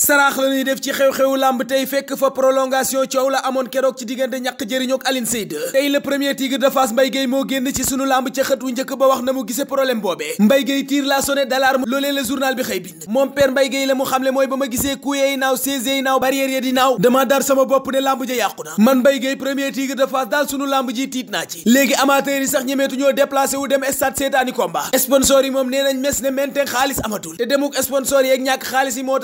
saraax la ñuy def ci xew-xewu lamb tey fekk fa prolongation coow la amoon keroog ci diggante ñàkk jëriñoo ak Alioune Seye 2 tey le premier tigre de Fass Mbaye Gueye moo génn ci sunu lamb ca xët wu njëkk ba wax na mu gisee problème boobee Mbaye Gueye tiir la sonnette d'alarme loolee la journal bi xëy bind moom père Mbaye Gueye la mu xamle mooy ba ma gisee kuyey naaw saisey naaw barrière ya di naaw dama dar sama bopp ne lamb ja yàqu na man Mbaye Gueye premier tigre de Fass daal sunu lamb ji moom nee nañ mes ne menteng xaalis amatul te xaalis yi moo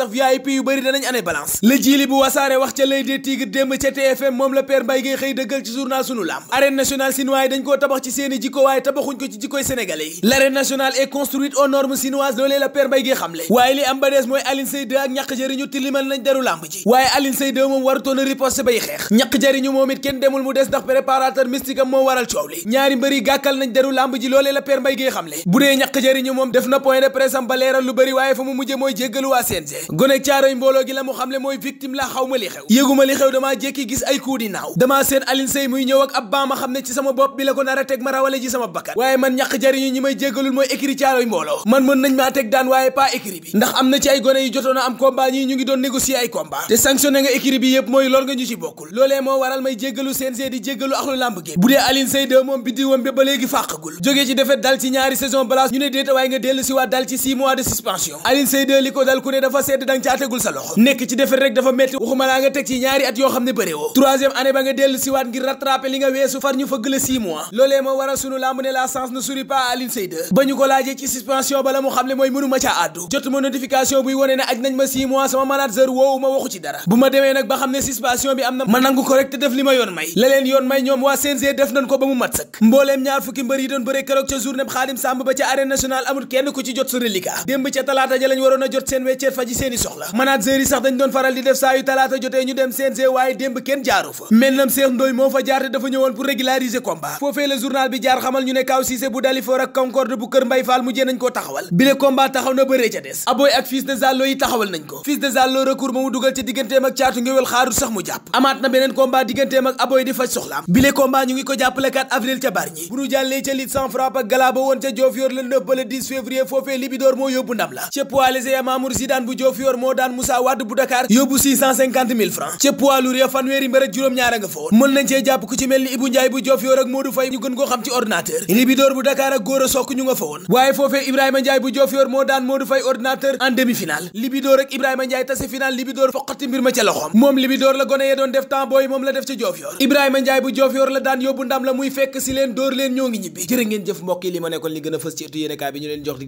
bari danañ ane balance la jiili bu wasaare wax ca lay dee tigre démb ca moom la Père Mbaye Gueye xëy dëggal ci journal sunu lamb arène nationale chinois dañ koo tabax ci seeni jikko waaye tabaxuñ ko ci jikkoy sénégalais yi l'arène nationale est construite aux normes chinoises loolee la Père Mbaye xamle waaye li am ba des mooy Aline Seyde ak ñàkk jëriñu tilimal nañ daru lamb ji waaye Aline Seyde moom warutoon a riposte bay xeex ñàkk jëriñu moom it kenn tey mbooloo gi la mu xamle mooy victime la xaw ma li xew yëguma li xew damaa jékki gis ay coup di naaw damaa seen Alioune Seye muy ñëw ak ab baa ma xam ne ci sama bopp bi la ko nar a teg ma rawale ji sama a am ngi doon négocier ay combat te sanctionné nga écrit bi yëpp mooy dal ci saison balance ñu ne déeta waaye nga dellu si waat dal ci 6 mois de suspension Alioune Seye 2 li ko dal ku ne dafa sedd danga caategul sa loxo nekk ci defar rek dafa metti waxuma laa nga teg ci ñaari at yoo xam ne bëre woo troisième année ba nga dellu siwaat ngir rattraper li nga weesu far ñu fëgg la six loolee moo waral sunu lamb ne la chance ne sourit pas à Alioune Seye 2 ba ñu ko laajee ci suspension bala mu xam ne mooy mënuma caa àddu jotuma notification buy wone ne aj nañ ma six mois sama manager woowu ma waxu ci dara bu ma demee nag ba xam ne suspension bi am na ma nangu ko rek te def leen yoon may ñoom waa CNG def nañ ko ba mu mat sëkk mbooleem ñaar fukki mbër yi doon ku ci jot sa reliquat démb ca talaata ja lañ a seen wecceet faji manager sax dañ doon faral di def saa talaata jotee ñu dem CNG waaye démb kenn jaaru fa mel nam Cheikh moo fa jaar te dafa ñëwoon pour régulariser combat foofee la journal bi jaar xamal ñu ne Kaw Cissé bu Dalifor ak Concorde bu Kër Mbay Fall mujjee nañ koo taxawal bile combat taxaw na bëree ca des abooy ak fils de Zallo yi taxawal nañ ko fils de Zallo recours ma mu dugal ca digganteem ak caatu ngéwél xaaru sax mu jàpp amaat na beneen combat digganteem Moussa Wade bu Dakar yóbbu 650 000 francs ca poids lourd ya fanweeri mbër a juróom-ñaara nga fa woon mën nañ cee jàpp ku ci mel ni Ibou Ndiaye bu Diofior ak Modou Faye ñu gën koo xam ci ordinateur Libidor bu Dakar ak Gora Sock ñu nga fa woon waaye foofee Ibrahima Ndiaye bu Diofior moo daan Modou Faye ordinateur en demi-finale Libidor ak Ibrahima Ndiaye tase finale Libidor foqati mbir ma ca loxoom moom Libidor la gone yee doon a fës ci ëttu yéenekaay bi ñu leen jox